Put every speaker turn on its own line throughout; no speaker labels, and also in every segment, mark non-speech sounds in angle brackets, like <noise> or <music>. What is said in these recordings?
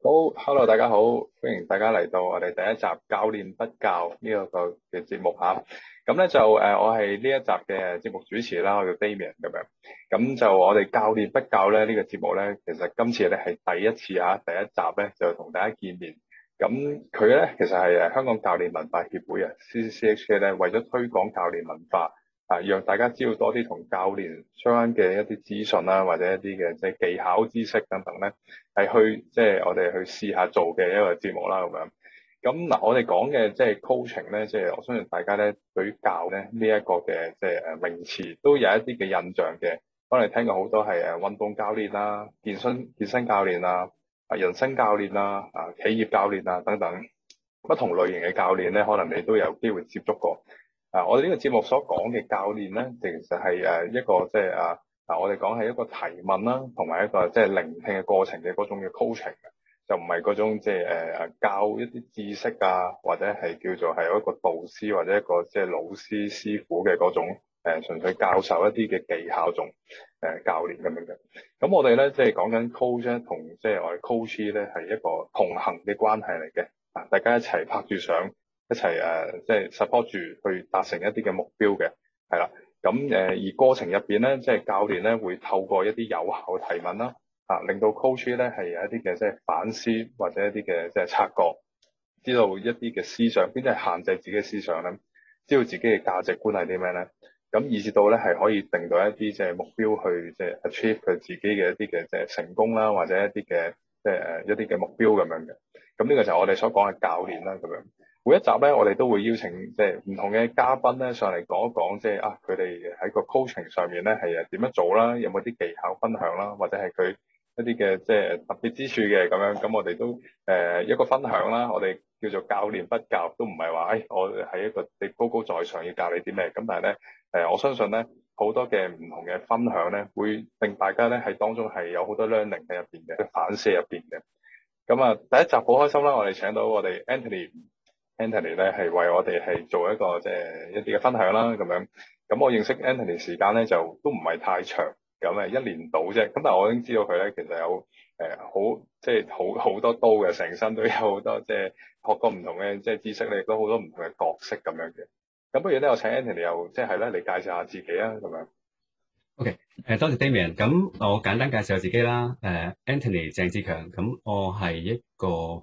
好，hello，大家好，歡迎大家嚟到我哋第一集教練不教呢、這個嘅嘅節目吓、啊。咁 <laughs> 咧、嗯、就誒、呃，我係呢一集嘅節目主持啦，我叫 Damian 咁、嗯、樣。咁就我哋教練不教咧呢、這個節目咧，其實今次咧係第一次吓、啊，第一集咧就同大家見面。咁佢咧其實係誒香港教練文化協會啊，C C C H K 咧為咗推廣教練文化。啊，讓大家知道多啲同教練相關嘅一啲資訊啦，或者一啲嘅即係技巧知識等等咧，係去即係、就是、我哋去試下做嘅一個節目啦咁樣。咁嗱，我哋講嘅即係 coaching 咧，即係我相信大家咧對於教咧呢一個嘅即係誒名詞都有一啲嘅印象嘅。可能聽過好多係誒運動教練啦、啊、健身健身教練啦、啊、啊人生教練啦、啊、啊企業教練啦、啊、等等，不同類型嘅教練咧，可能你都有機會接觸過。就是、啊！我哋呢個節目所講嘅教練咧，其實係誒一個即係啊！嗱，我哋講係一個提問啦，同埋一個即係、就是、聆聽嘅過程嘅嗰、就是、種嘅 coaching，就唔係嗰種即係誒教一啲知識啊，或者係叫做係一個導師或者一個即係老師師傅嘅嗰種誒純、呃、粹教授一啲嘅技巧種誒、就是、教練咁樣嘅。咁我哋咧即係講緊 coaching 同即係我哋 coaching 咧係一個同行嘅關係嚟嘅。嗱，大家一齊拍住相。一齊誒，即係 support 住去達成一啲嘅目標嘅，係啦。咁誒而過程入邊咧，即係教練咧會透過一啲有效提問啦，嚇令到 coaching 咧係有一啲嘅即係反思或者一啲嘅即係察覺，知道一啲嘅思想邊啲係限制自己嘅思想咧，知道自己嘅價值觀係啲咩咧。咁以至到咧係可以定到一啲即係目標去即係 achieve 佢自己嘅一啲嘅即係成功啦，或者一啲嘅即係誒一啲嘅目標咁樣嘅。咁、這、呢個就係我哋所講嘅教練啦，咁樣。每一集咧，我哋都會邀請即係唔同嘅嘉賓咧上嚟講一講，即係啊佢哋喺個 coaching 上面咧係啊點樣做啦？有冇啲技巧分享啦？或者係佢一啲嘅即係特別之處嘅咁樣？咁我哋都誒、呃、一個分享啦。我哋叫做教練不教，都唔係話誒我喺一個你高高在上要教你啲咩？咁但係咧誒我相信咧好多嘅唔同嘅分享咧，會令大家咧喺當中係有好多 learning 喺入邊嘅反思入邊嘅。咁啊第一集好開心啦！我哋請到我哋 Anthony。Anthony 咧係為我哋係做一個即係一啲嘅分享啦，咁樣。咁我認識 Anthony 時間咧就都唔係太長，咁係一年到啫。咁但係我已經知道佢咧其實有誒、呃、好即係好好多刀嘅，成身都有好多即係學過唔同嘅即係知識咧，亦都好多唔同嘅角色咁樣嘅。咁不如咧，我請 Anthony 又即係咧，你介紹下自己啊，咁樣。
O.K. 誒、uh,，多謝 Damian。咁我簡單介紹下自己啦。誒、uh,，Anthony 鄭志強，咁我係一個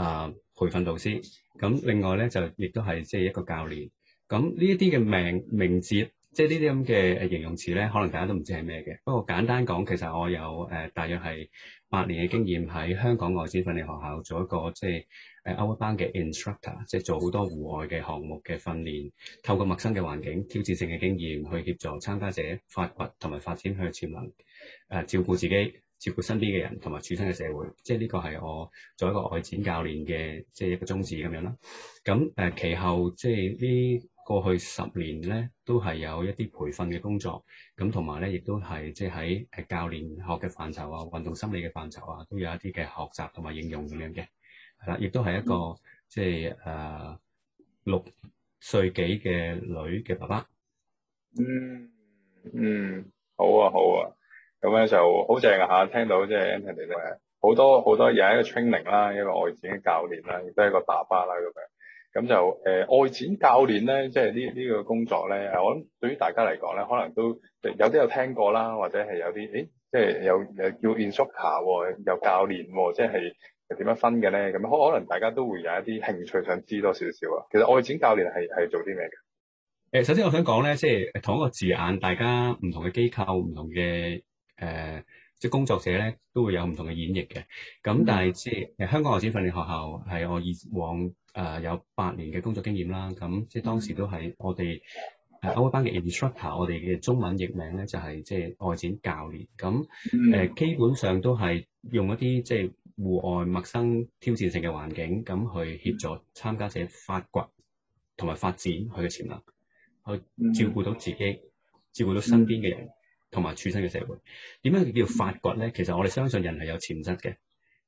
啊。Uh, 培訓導師，咁另外呢，就亦都係即係一個教練，咁呢一啲嘅名名詞，即係呢啲咁嘅形容詞呢，可能大家都唔知係咩嘅。不過簡單講，其實我有誒、呃，大約係八年嘅經驗喺香港外展訓練學校做一個即係誒 Outward Bound 嘅 instructor，即係做好多戶外嘅項目嘅訓練，透過陌生嘅環境、挑戰性嘅經驗去協助參加者發掘同埋發展佢嘅潛能，誒、呃、照顧自己。照顧身邊嘅人，同埋處身嘅社會，即係呢個係我做一個外展教練嘅，即係一個宗旨咁樣啦。咁誒、呃，其後即係呢過去十年咧，都係有一啲培訓嘅工作，咁同埋咧，亦都係即係喺誒教練學嘅範疇啊，運動心理嘅範疇啊，都有一啲嘅學習同埋應用咁樣嘅。係啦，亦都係一個、嗯、即係誒、呃、六歲幾嘅女嘅爸爸。嗯嗯，
好啊，好啊。咁咧就好正嚇，聽到即係 Anthony 咧好多好多嘢，一個 training 啦，一個外展嘅教練啦，亦都係一個爸爸啦咁樣。咁就誒、呃、外展教練咧，即係呢呢個工作咧，我諗對於大家嚟講咧，可能都有啲有聽過啦，或者係有啲誒，即係有誒叫 inspector 又、啊、教練、啊，即係點樣分嘅咧？咁可可能大家都會有一啲興趣想知多少少啊。其實外展教練係係做啲咩嘅？
誒，首先我想講咧，即、就、係、是、同一個字眼，大家唔同嘅機構、唔同嘅。誒、呃，即係工作者咧都會有唔同嘅演繹嘅，咁但係即係香港外展訓練學校係我以往誒、呃、有八年嘅工作經驗啦，咁即係當時都係我哋歐威班嘅 Instructor，我哋嘅中文譯名咧就係、是、即係外展教練，咁誒、呃、基本上都係用一啲即係戶外陌生挑戰性嘅環境，咁去協助參加者發掘同埋發展佢嘅潛能，去照顧到自己，mm hmm. 照顧到身邊嘅人。同埋處身嘅社會點樣叫發掘咧？其實我哋相信人係有潛質嘅。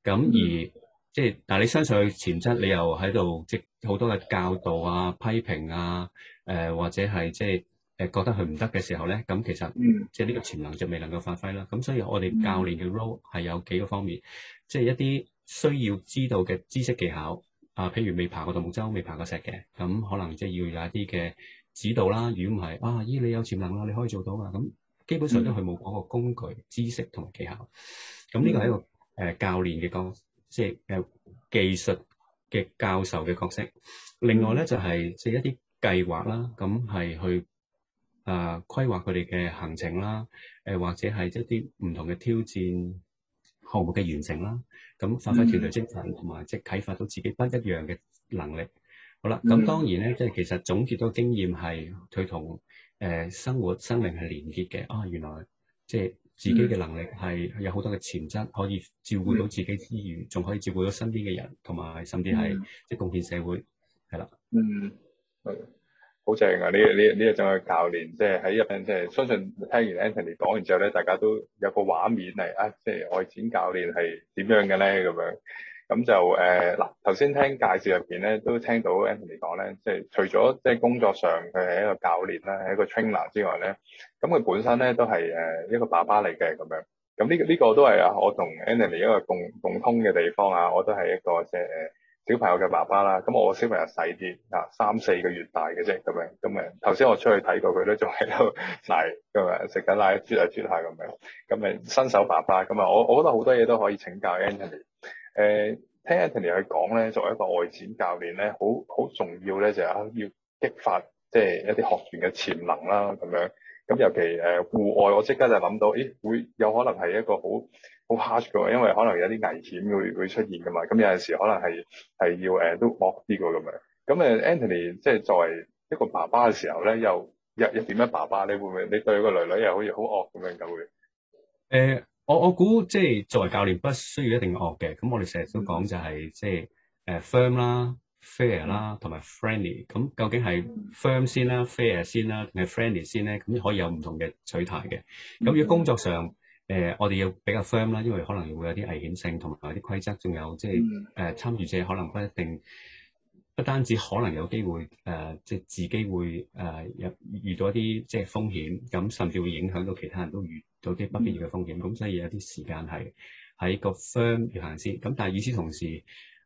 咁而即係，嗯、但係你相信佢潛質，你又喺度即係好多嘅教導啊、批評啊，誒、呃、或者係即係誒覺得佢唔得嘅時候咧，咁其實、嗯、即係呢個潛能就未能夠發揮啦。咁所以我哋教練嘅 role 係有幾個方面，即係、嗯、一啲需要知道嘅知識技巧啊，譬如未爬過獨木舟、未爬過石嘅，咁可能即係要有一啲嘅指導啦。如果唔係啊，咦，你有潛能啦，你可以做到啊咁。基本上都佢冇嗰個工具、mm hmm. 知識同技巧，咁呢個係一個誒、呃、教練嘅角色，即係誒技術嘅教授嘅角色。另外咧就係即係一啲計劃啦，咁係去啊、呃、規劃佢哋嘅行程啦，誒、呃、或者係一啲唔同嘅挑戰項目嘅完成啦，咁發揮團隊精神同埋即係啟發到自己不一樣嘅能力。好啦，咁當然咧，即係、mm hmm. 其實總結到經驗係佢同。誒、呃、生活生命係連結嘅，啊原來即係自己嘅能力係有好多嘅潛質，可以照顧到自己之餘，仲、嗯、可以照顧到身邊嘅人，同埋甚至係、嗯、即係共建社會，係啦、嗯。嗯，
好正啊！呢呢呢一種嘅教練，即係喺入邊，即係相信聽完 Anthony 講完之後咧，大家都有個畫面嚟。啊，即係外展教練係點樣嘅咧咁樣。咁就誒嗱，頭先聽介紹入邊咧，都聽到 Anthony 講咧，即係除咗即係工作上佢係一個教練啦，係一個 trainer 之外咧，咁佢本身咧都係誒一個爸爸嚟嘅咁樣。咁呢個呢個都係我同 Anthony 一個共共通嘅地方啊！我都係一個即係、呃、小朋友嘅爸爸啦。咁我小朋友細啲，嗱三四個月大嘅啫咁樣。咁誒頭先我出去睇過佢都仲喺度奶咁樣，食緊奶一啜啊啜下咁樣。咁誒新手爸爸咁啊，我我覺得好多嘢都可以請教 Anthony。誒、uh, 聽 Anthony 去講咧，作為一個外展教練咧，好好重要咧，就係、是、要激發即係、就是、一啲學員嘅潛能啦咁樣。咁尤其誒、呃、戶外，我即刻就諗到，咦、欸、會有可能係一個好好 hard 嘅，因為可能有啲危險會會出現嘅嘛。咁有陣時可能係係要誒都惡啲嘅咁樣。咁誒 Anthony 即係作為一個爸爸嘅時候咧，又又點樣爸爸？你會唔會你對個女女又好似好惡咁樣咁會？誒、uh。
我我估即係作為教練，不需要一定惡嘅。咁我哋成日都講就係即係誒 firm 啦、fair 啦同埋 friendly。咁究竟係 firm 先啦、fair 先啦定係 friendly 先咧？咁可以有唔同嘅取態嘅。咁如果工作上誒、呃，我哋要比較 firm 啦，因為可能會有啲危險性同埋有啲規則，仲有即係誒參與者可能不一定。不單止可能有機會誒、呃，即係自己會誒入、呃、遇到一啲即係風險，咁甚至會影響到其他人都遇到啲不必要嘅風險，咁、嗯、所以有啲時間係喺個 firm 要行先。咁但係，與此同時誒、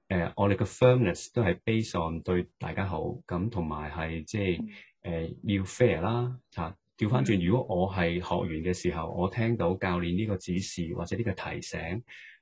呃，我哋嘅 firmness 都係 based on 對大家好，咁同埋係即係誒、呃、要 fair 啦。嚇、啊，調翻轉，如果我係學員嘅時候，我聽到教練呢個指示或者呢個提醒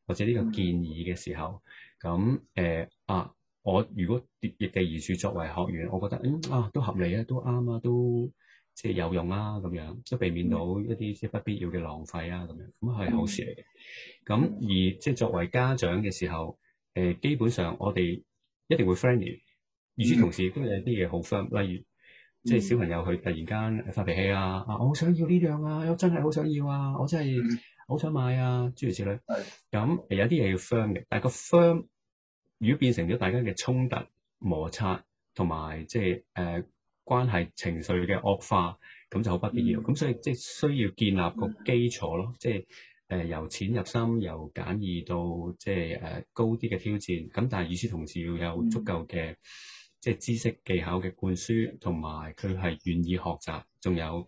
或者呢個建議嘅時候，咁誒、嗯嗯、啊！啊啊我如果跌跌地而住作為學員，我覺得嗯啊都合理啊，都啱啊，都,都,都,都即係有用啊，咁樣都避免到一啲即係不必要嘅浪費啊，咁樣咁係好事嚟嘅。咁而即係作為家長嘅時候，誒、呃、基本上我哋一定會 friendly。與此同時，都有啲嘢好 firm，例如即係小朋友佢突然間發脾氣啊，啊我好想要呢樣啊，我真係好想要啊，我真係好想買啊，諸如此類。係。咁有啲嘢要 firm 嘅，但係個 firm 如果變成咗大家嘅衝突、摩擦同埋即係誒關係、情緒嘅惡化，咁就好不必要。咁、嗯、所以即係、即係、需要建立個基礎咯，即係誒由淺入深，由簡易到即係誒高啲嘅挑戰。咁但係與此同時，要有足夠嘅即係知識技巧嘅灌輸，同埋佢係願意學習，仲有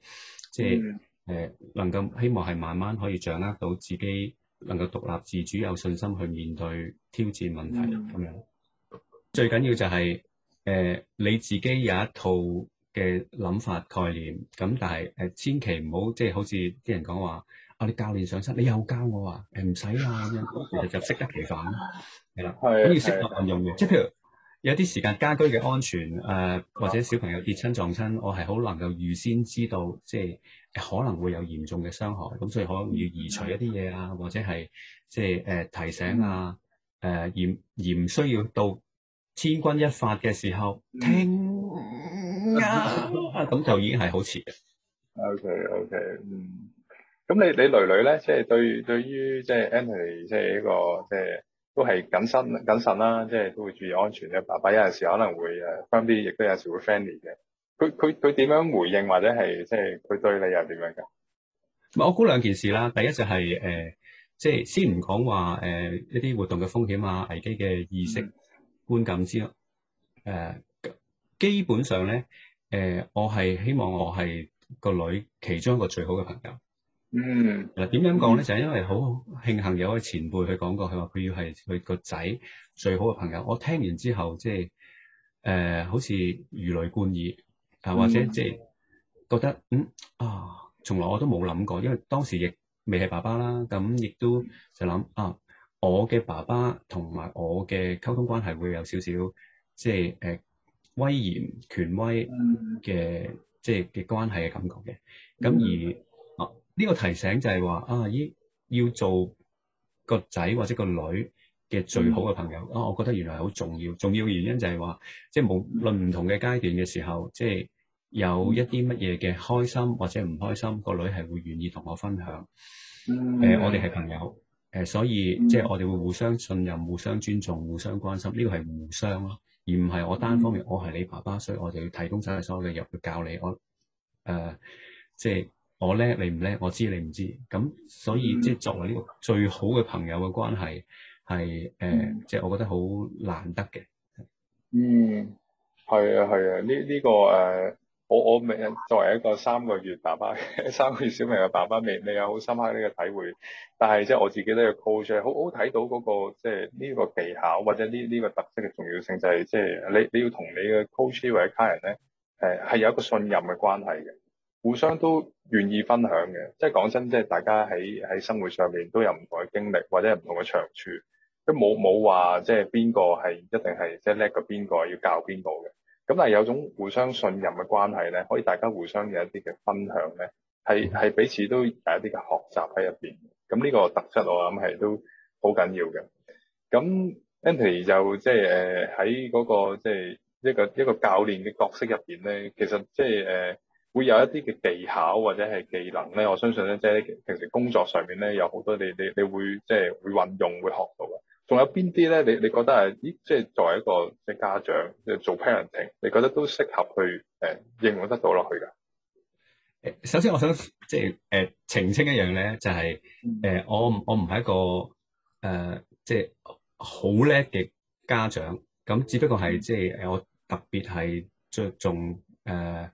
即係誒能夠希望係慢慢可以掌握到自己。能夠獨立自主、有信心去面對挑戰問題，咁、嗯、樣最緊要就係、是、誒、呃、你自己有一套嘅諗法概念，咁但係誒、呃、千祈唔、就是、好即係好似啲人講話，啊、哦、你教練上身，你又教我話誒唔使啊，欸咁樣，其實就適得其反，係啦，要適度運用嘅，即係譬如。有啲時間家居嘅安全，誒、呃、或者小朋友跌親撞親，我係好能夠預先知道，即係可能會有嚴重嘅傷害，咁所以可能要移除一啲嘢啊，或者係即係誒、呃、提醒啊，嗯呃、而唔需要到千鈞一髮嘅時候，停啊，咁就已經係好遲
嘅。OK，OK，嗯，咁你你女女咧，即、就、係、是、對對於即係 Emily 即係呢個即係。就是這個都係謹慎謹慎啦、啊，即係都會注意安全咧。爸爸有陣時可能會誒 friendly 亦都有時會 friendly 嘅。佢佢佢點樣回應或者係即係佢對你又點樣㗎？
我估兩件事啦。第一就係、是、誒，即、呃、係、就是、先唔講話誒一啲活動嘅風險啊、危機嘅意識、嗯、觀感之咯。誒、呃，基本上咧誒、呃，我係希望我係個女其中一個最好嘅朋友。嗯嗱，點樣講咧？就係因為好慶幸有位前輩佢講過，佢話佢要係佢個仔最好嘅朋友。我聽完之後，即係誒，好似如雷貫耳啊，或者即係、就是、覺得嗯啊，從來我都冇諗過，因為當時亦未係爸爸啦，咁亦都就諗啊，我嘅爸爸同埋我嘅溝通關係會有少少即係誒威嚴權威嘅、嗯、即係嘅關係嘅感覺嘅，
咁而。嗯嗯
嗯呢個提醒就係話啊，依要做個仔或者個女嘅最好嘅朋友，嗯、啊，我覺得原來係好重要。重要原因就係話，即、就、係、是、無論唔同嘅階段嘅時候，即、就、係、是、有一啲乜嘢嘅開心或者唔開心，個女係會願意同我分享。誒、嗯呃，我哋係朋友，誒、呃，所以即係、就是、我哋會互相信任、互相尊重、互相關心。呢、這個係互相咯，而唔係我單方面，我係你爸爸，嗯、所以我哋要提供晒所有嘅嘢去教你。我誒、呃呃，即係。我叻你唔叻，我知你唔知，咁所以即係、嗯、作為呢個最好嘅朋友嘅關係，係誒、嗯呃、即係我覺得好難得嘅。
嗯，係啊，係啊，呢、這、呢個誒、呃、我我未作為一個三個月爸爸、三個月小朋友爸爸，未未有好深刻呢個體會，但係即係我自己咧嘅 coach 好好睇到、那個即係呢個技巧或者呢呢個特色嘅重要性，就係、是、即係你你要同你嘅 coach 或者家人咧誒係有一個信任嘅關係嘅。互相都願意分享嘅，即係講真，即係大家喺喺生活上面都有唔同嘅經歷，或者係唔同嘅長處，都冇冇話即係邊個係一定係即係叻過邊個，要教邊個嘅。咁但係有種互相信任嘅關係咧，可以大家互相有一啲嘅分享咧，係係彼此都有一啲嘅學習喺入邊。咁呢個特質我諗係都好緊要嘅。咁 Anthony 就即係誒喺嗰個即係一個一個教練嘅角色入邊咧，其實即係誒。呃會有一啲嘅技巧或者係技能咧，我相信咧，即係平時工作上面咧，有好多你你你會即係會運用會學到嘅。仲有邊啲咧？你你覺得係？咦，即係作為一個即係家長，即係做 parenting，你覺得都適合去誒、呃、應用得到落去噶？
首先我想即係、呃、誒澄清一樣咧，就係、是、誒、呃、我我唔係一個誒、呃、即係好叻嘅家長，咁只不過係即係我特別係着重誒。呃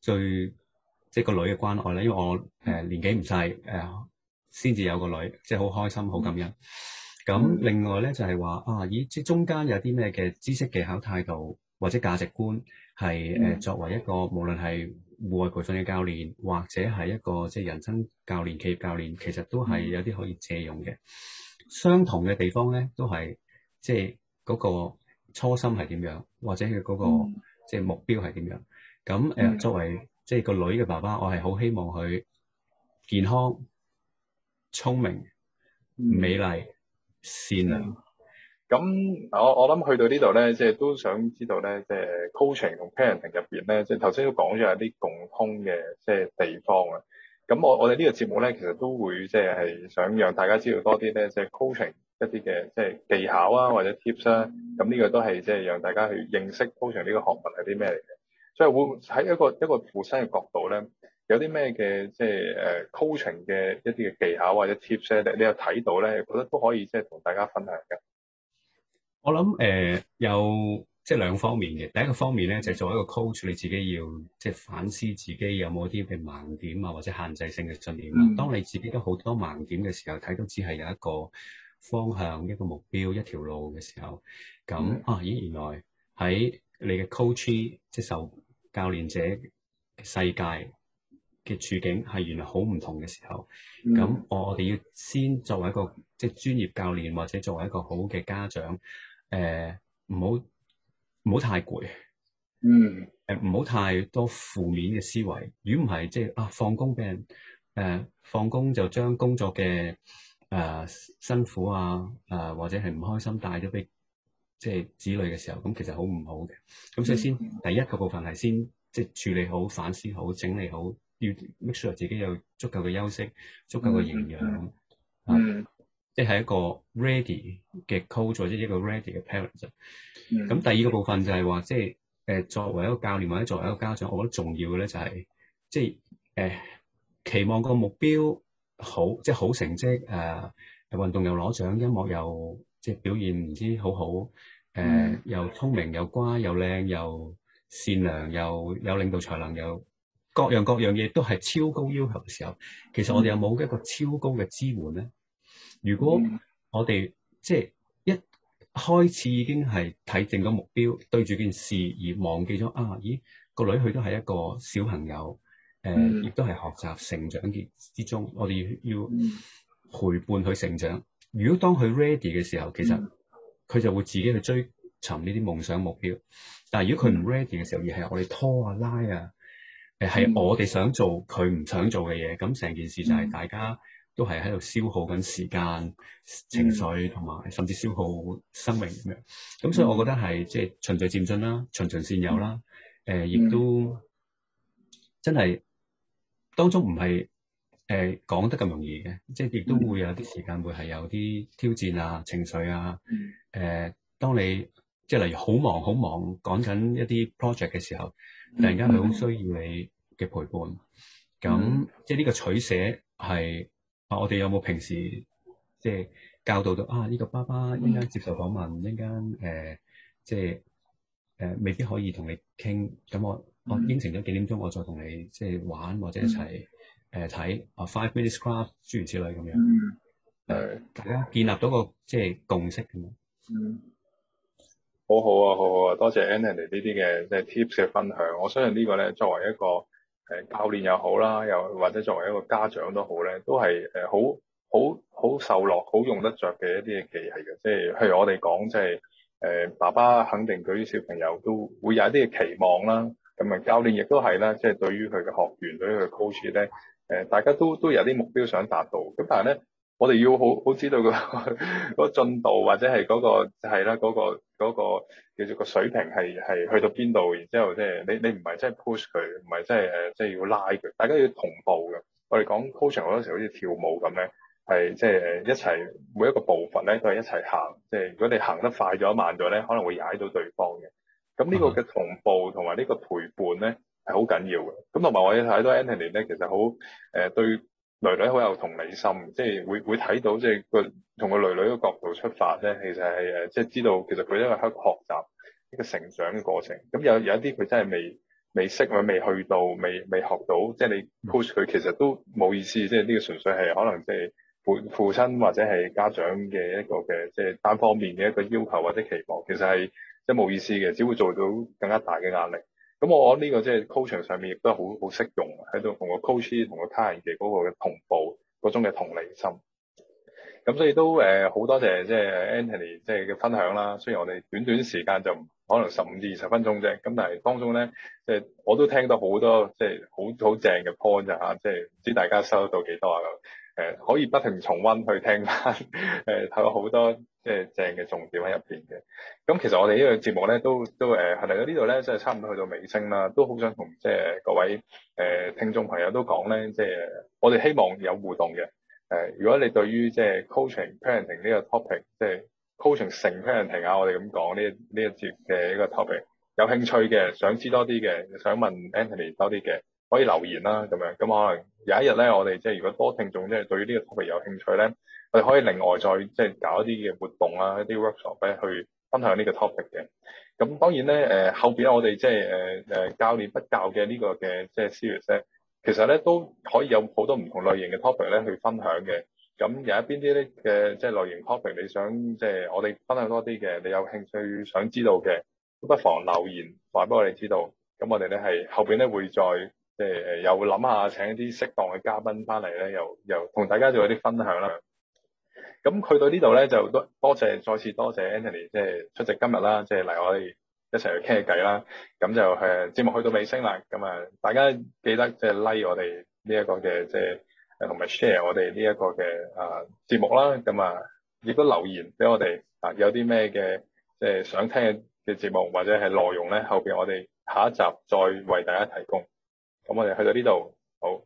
最即係個女嘅關愛咧，因為我誒、呃、年紀唔細誒，先、呃、至有個女，即係好開心好感恩。咁另外咧就係、是、話啊，咦，即係中間有啲咩嘅知識、技巧、態度或者價值觀係誒、呃，作為一個無論係戶外培訓嘅教練，或者係一個即係人生教練、企業教練，其實都係有啲可以借用嘅。嗯、相同嘅地方咧，都係即係嗰個初心係點樣，或者佢、那、嗰個、嗯、即係目標係點樣。咁誒、嗯、作為即係個女嘅爸爸，我係好希望佢健康、聰明、美麗、嗯、善良
咁、嗯嗯、我我諗去到呢度咧，即、就、係、是、都想知道咧，即、就、係、是、coaching 同 parenting 入邊咧，即係頭先都講咗有啲共通嘅即係地方啊！咁我我哋呢個節目咧，其實都會即係係想讓大家知道多啲咧，即、就、係、是、coaching 一啲嘅即係技巧啊，或者 tips 咧、啊。咁呢個都係即係讓大家去認識 coaching 呢個學問係啲咩嚟嘅。即係會喺一個一個父親嘅角度咧，有啲咩嘅即係誒、呃、coaching 嘅一啲嘅技巧或者 tips 咧，你又睇到咧，覺得都可以即係同大家分享嘅。
我諗誒、呃、有即係兩方面嘅，第一個方面咧就係、作為一個 coach，你自己要即係反思自己有冇啲嘅盲點啊，或者限制性嘅信念啊。Mm hmm. 當你自己都好多盲點嘅時候，睇到只係有一個方向、一個目標、一條路嘅時候，咁、mm hmm. 啊咦原來喺你嘅 coaching 即係受教練者嘅世界嘅處境係原來好唔同嘅時候，咁、嗯、我哋要先作為一個即係、就是、專業教練或者作為一個好嘅家長，誒唔好唔好太攰，嗯，誒唔好太多負面嘅思維。如果唔係，即係啊放工俾人，誒放工就將工作嘅誒、呃、辛苦啊誒、呃、或者係唔開心帶咗俾。即係子女嘅時候，咁其實好唔好嘅。咁所以先、mm hmm. 第一個部分係先，即、就、係、是、處理好、反思好、整理好，要 make sure 自己有足夠嘅休息、足夠嘅營養、mm hmm. 啊。即、就、係、是、一個 ready 嘅 coach 或者一個 ready 嘅 parent。咁、mm hmm. 第二個部分就係話，即係誒作為一個教練或者作為一個家長，我覺得重要嘅咧就係即係誒期望個目標好，即、就、係、是、好成績誒、呃、運動又攞獎，音樂又。即係表現唔知好好，誒、呃、又聰明又乖又靚又善良又有領導才能，又各樣各樣嘢都係超高要求嘅時候，其實我哋有冇一個超高嘅支援咧？如果我哋即係一開始已經係睇定個目標，對住件事而忘記咗啊，咦個女佢都係一個小朋友，誒、呃、亦都係學習成長嘅之中，我哋要，要陪伴佢成長。如果當佢 ready 嘅時候，其實佢就會自己去追尋呢啲夢想目標。但係如果佢唔 ready 嘅時候，而係我哋拖啊拉啊，誒係我哋想做佢唔想做嘅嘢，咁成、嗯、件事就係大家都係喺度消耗緊時間、嗯、情緒同埋甚至消耗生命咁樣。咁所以，我覺得係即係循序漸進啦，循循善誘啦。誒、嗯，亦、呃、都真係當中唔係。誒講得咁容易嘅，即係亦都會有啲時間，嗯、會係有啲挑戰啊、情緒啊。誒、呃，當你即係例如好忙，忙、好忙，趕緊一啲 project 嘅時候，
突然間佢好需
要你嘅陪伴。咁、嗯嗯、即係呢個取捨係啊，我哋有冇平時即係教導到啊？呢、這個爸爸一間接受訪問，一間誒即係誒、呃、未必可以同你傾。咁我我、嗯啊、應承咗幾點鐘，我再同你即係玩或者一齊。嗯誒睇啊，five minutes club 諸如此類咁樣，誒、嗯、大家建立到個即係的共識咁樣，嗯、
好好啊，好好啊，多謝 Anthony 呢啲嘅、就、即、是、係 tips 嘅分享。我相信個呢個咧作為一個誒、呃、教練又好啦，又或者作為一個家長都好咧，都係誒、呃、好好好受落、好用得着嘅一啲嘅技巧嘅。即、就、係、是、譬如我哋講、就是，即係誒爸爸肯定對於小朋友都會有一啲嘅期望啦。咁啊，教練亦都係啦，即、就、係、是、對於佢嘅學員對於佢嘅 coach 咧。誒，大家都都有啲目標想達到，咁但係咧，我哋要好好知道個嗰 <laughs> 進度，或者係嗰個係啦，嗰個、嗰個叫做個水平係係去到邊度。然之後即係你你唔係真係 push 佢，唔係真係誒，即係要拉佢。大家要同步嘅。我哋講 coaching 嗰陣時，好似跳舞咁咧，係即係一齊每一個步伐咧都係一齊行。即係如果你行得快咗、慢咗咧，可能會踩到對方嘅。咁呢個嘅同步同埋呢個陪伴咧，好緊要嘅，咁同埋我哋睇到 Anthony 咧，其實好誒、呃、對女女好有同理心，即係會會睇到即係個同個女女嘅角度出發咧，其實係誒即係知道其實佢一個學學習一個成長嘅過程。咁有有一啲佢真係未未識佢未去到未未學到，即係你 push 佢，其實都冇意思。即係呢個純粹係可能即係父父親或者係家長嘅一個嘅即係單方面嘅一個要求或者期望，其實係即係冇意思嘅，只會做到更加大嘅壓力。咁我呢個即係 culture 上面亦都好好適用，喺度同個 coach 同個 client 嘅嗰個嘅同步嗰種嘅同理心。咁所以都誒好多謝即係 Anthony 即係嘅分享啦。雖然我哋短短時間就可能十五至二十分鐘啫，咁但係當中咧即係我都聽到好多即係好好正嘅 point 啊！即係唔知大家收得到幾多啊？誒，可以不停重溫去聽翻誒睇咗好多。即係正嘅重點喺入邊嘅。咁其實我哋呢個節目咧都都誒係嚟到呢度咧，即係差唔多去到尾聲啦。都好想同即係各位誒聽眾朋友都講咧，即、呃、係我哋希望有互動嘅。誒、呃，如果你對於、呃、coaching, ic，即係 coaching parenting 呢個 topic，即係 coaching 成 parenting 啊，我哋咁講呢呢一節嘅呢個 topic 有興趣嘅，想知多啲嘅，想問 Anthony 多啲嘅，可以留言啦、啊、咁樣。咁可能有一日咧，我哋即係如果多聽眾即係對於呢個 topic 有興趣咧。你可以另外再即係搞一啲嘅活動啊，一啲 workshop 咧、啊、去分享呢個 topic 嘅。咁當然咧，誒後邊我哋即係誒誒教練不教嘅呢個嘅即係 series，其實咧都可以有好多唔同類型嘅 topic 咧去分享嘅。咁有一邊啲咧嘅即係類型 topic，你想即係我哋分享多啲嘅，你有興趣想知道嘅，都不妨留言話俾我哋知道。咁我哋咧係後邊咧會再即係又諗下請一啲適當嘅嘉賓翻嚟咧，又又同大家做一啲分享啦。咁去到呢度咧，就多多謝，再次多謝 Anthony 即係出席今日啦，即係嚟我哋一齊去傾下偈啦。咁就係節目去到尾聲啦。咁啊，大家記得即係 like 我哋呢一個嘅即係誒同埋 share 我哋呢一個嘅啊節目啦。咁啊亦都留言俾我哋啊，有啲咩嘅即係想聽嘅節目或者係內容咧，後邊我哋下一集再為大家提供。咁我哋去到呢度好。